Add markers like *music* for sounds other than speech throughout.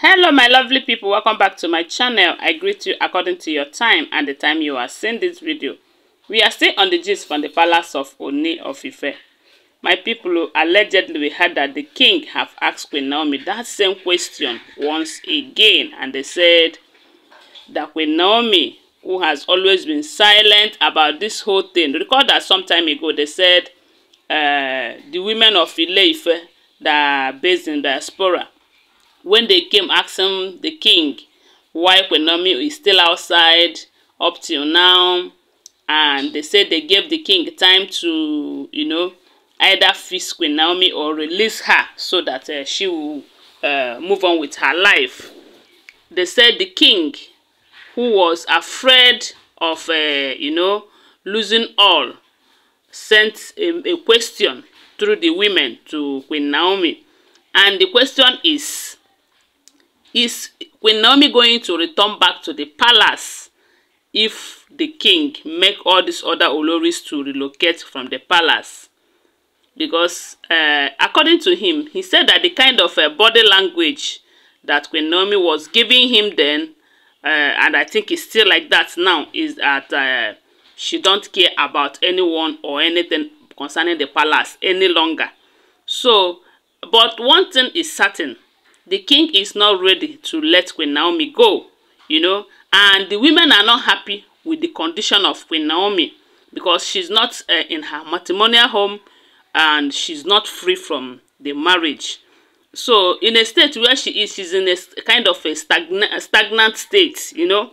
hello my lovely people welcome back to my channel i greet you according to your time and the time you are seeing this video we are still on the gist from the palace of Oni of Ife my people oh, allegedly we heard that the king have asked Queen Naomi that same question once again and they said that Queen Naomi who has always been silent about this whole thing recall that some time ago they said uh, the women of Ile Ife that are based in diaspora when they came asking the king why Kwenomi is still outside up till now and they said they gave the king time to you know either fix Queen Naomi or release her so that uh, she will uh, move on with her life. They said the king who was afraid of uh, you know losing all sent a, a question through the women to Queen Naomi and the question is is Queen Naomi going to return back to the palace if the king make all these other Oloris to relocate from the palace? Because uh, according to him, he said that the kind of uh, body language that Queen Naomi was giving him then, uh, and I think it's still like that now, is that uh, she don't care about anyone or anything concerning the palace any longer. So, but one thing is certain the king is not ready to let Queen Naomi go, you know, and the women are not happy with the condition of Queen Naomi because she's not uh, in her matrimonial home and she's not free from the marriage. So in a state where she is, she's in a kind of a stagnant, stagnant state, you know.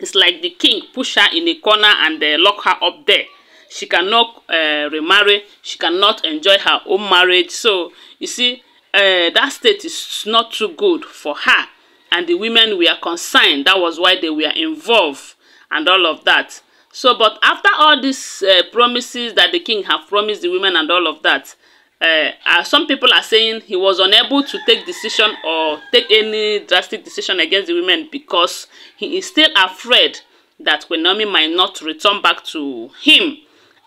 It's like the king push her in a corner and uh, lock her up there. She cannot uh, remarry. She cannot enjoy her own marriage. So you see, Eh, that state is not too good for her and the women we are concerned that was why they were involved and all of that so but after all these uh, promises that the king have promised the women and all of that uh, uh, some people are saying he was unable to take decision or take any drastic decision against the women because he is still afraid that Kwenomi might not return back to him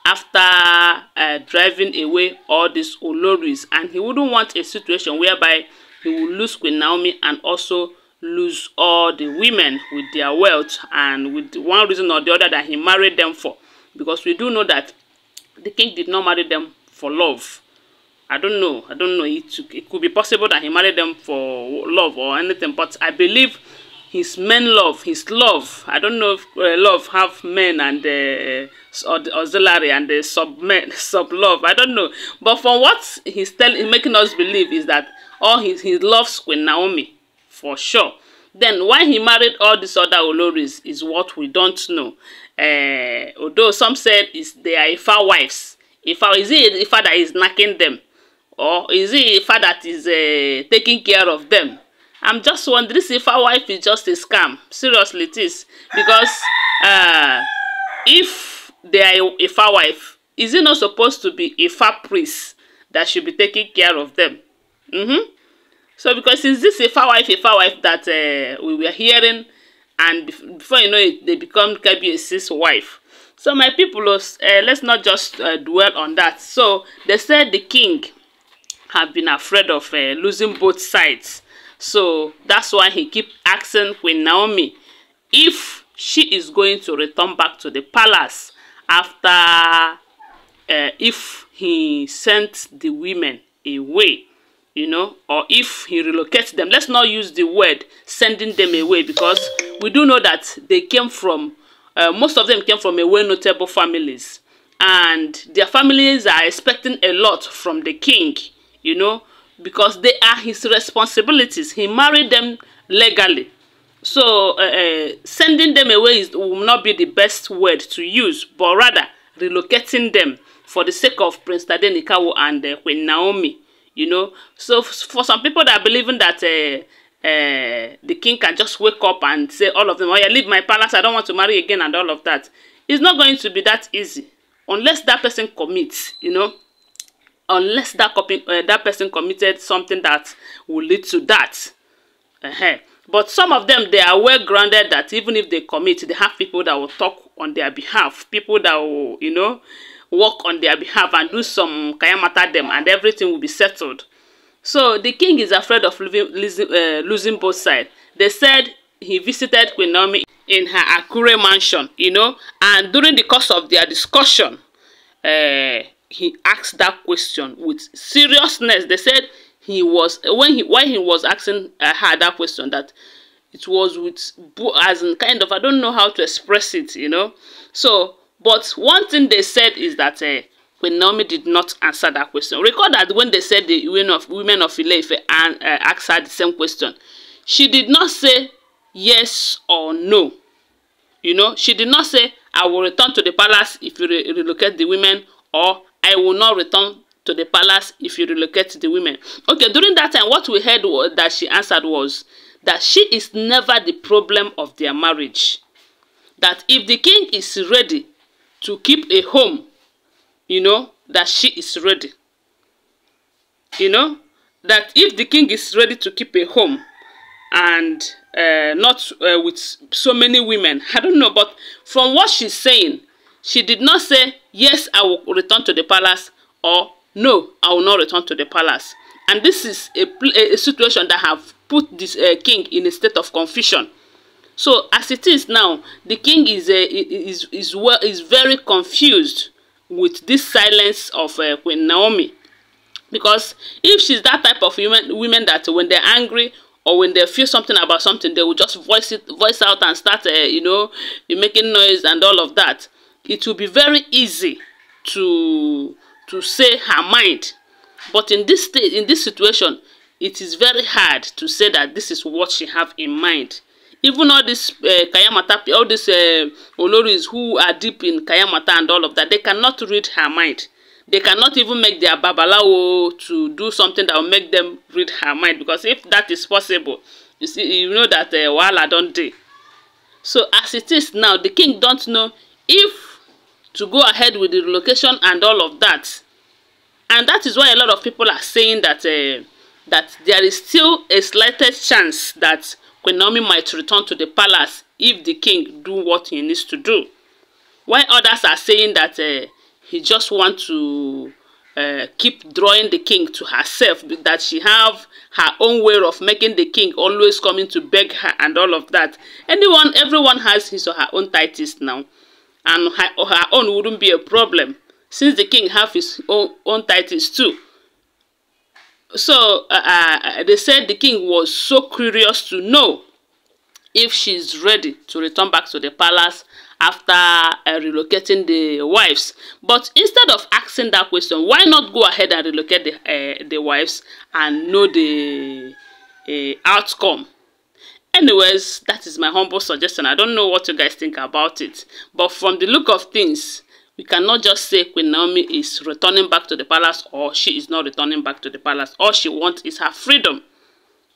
after uh, driving away all these Oloris. And he wouldn't want a situation whereby he will lose Queen Naomi and also lose all the women with their wealth and with one reason or the other that he married them for. Because we do know that the king did not marry them for love. I don't know. I don't know. It, it could be possible that he married them for love or anything. But I believe his men love, his love. I don't know if uh, love have men and uh, auxiliary and the uh, sub *laughs* men, sub love. I don't know. But from what he's telling, making us believe is that all his, his loves Queen Naomi for sure. Then why he married all these other Oloris is what we don't know. Uh, although some said is they are Ifa wives. Ifa is it Ifa that is knocking them, or is it Ifa that is uh, taking care of them? I'm just wondering if our wife is just a scam. Seriously, it is. Because uh, if they are a Ifa wife, is it not supposed to be a Ifa priest that should be taking care of them? Mm-hmm. So because is this a Ifa wife, A Ifa wife that uh, we were hearing, and before you know it, they become KBAC's wife. So my people, uh, let's not just uh, dwell on that. So they said the king have been afraid of uh, losing both sides So that's why he keep asking Queen Naomi if she is going to return back to the palace after uh, if he sent the women away you know or if he relocates them let's not use the word sending them away because we do know that they came from uh, most of them came from a well notable families and their families are expecting a lot from the king you know because they are his responsibilities. He married them legally. So uh, sending them away is, will not be the best word to use, but rather relocating them for the sake of Prince Tade Nikawo and uh, Queen Naomi. You know, so for some people that are believing that uh, uh, the king can just wake up and say all of them, oh yeah, leave my palace, I don't want to marry again and all of that. It's not going to be that easy unless that person commits, you know unless that, copy, uh, that person committed something that will lead to that. Uh-huh. But some of them, they are well grounded that even if they commit, they have people that will talk on their behalf, people that will, you know, work on their behalf and do some kayamata them, and everything will be settled. So the king is afraid of living, losing, uh, losing both sides. They said he visited Queen Naomi in her Akure mansion, you know, and during the course of their discussion, uh, he asked that question with seriousness. They said he was when he why he was asking uh, her that question that it was with as in kind of I don't know how to express it, you know. So, but one thing they said is that uh, eh, when Naomi did not answer that question. Recall that when they said the women of women of Ileife and uh, asked her the same question, she did not say yes or no. You know, she did not say I will return to the palace if you re relocate the women or I will not return to the palace if you relocate the women. Okay, during that time, what we heard was, that she answered was that she is never the problem of their marriage. That if the king is ready to keep a home, you know, that she is ready. You know, that if the king is ready to keep a home and uh, not uh, with so many women, I don't know, but from what she's saying, She did not say, yes, I will return to the palace or no, I will not return to the palace. And this is a, a, a situation that have put this uh, king in a state of confusion. So as it is now, the king is, uh, is, is, well, is very confused with this silence of uh, Queen Naomi. Because if she's that type of women, women that when they're angry or when they feel something about something, they will just voice it, voice out and start, uh, you know, making noise and all of that it will be very easy to to say her mind but in this state in this situation it is very hard to say that this is what she have in mind even all these uh, kayamata all these uh, oloris who are deep in kayamata and all of that they cannot read her mind they cannot even make their babalawo to do something that will make them read her mind because if that is possible you see you know that uh, wahala don dey so as it is now the king don't know if to go ahead with the relocation and all of that and that is why a lot of people are saying that uh, that there is still a slightest chance that Queen Naomi might return to the palace if the king do what he needs to do while others are saying that uh, he just want to uh, keep drawing the king to herself that she have her own way of making the king always coming to beg her and all of that anyone everyone has his or her own titles now and her, her own wouldn't be a problem since the king have his own, own titles too. So uh, uh, they said the king was so curious to know if she's ready to return back to the palace after uh, relocating the wives. But instead of asking that question, why not go ahead and relocate the, uh, the wives and know the uh, outcome? Anyways, that is my humble suggestion. I don't know what you guys think about it. But from the look of things, we cannot just say Queen Naomi is returning back to the palace or she is not returning back to the palace. All she wants is her freedom.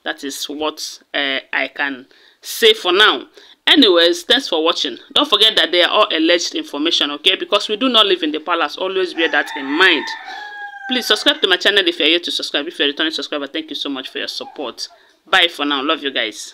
That is what uh, I can say for now. Anyways, thanks for watching. Don't forget that they are all alleged information, okay? Because we do not live in the palace. Always bear that in mind. Please subscribe to my channel if you are here to subscribe. If you are returning subscriber, thank you so much for your support. Bye for now. Love you guys.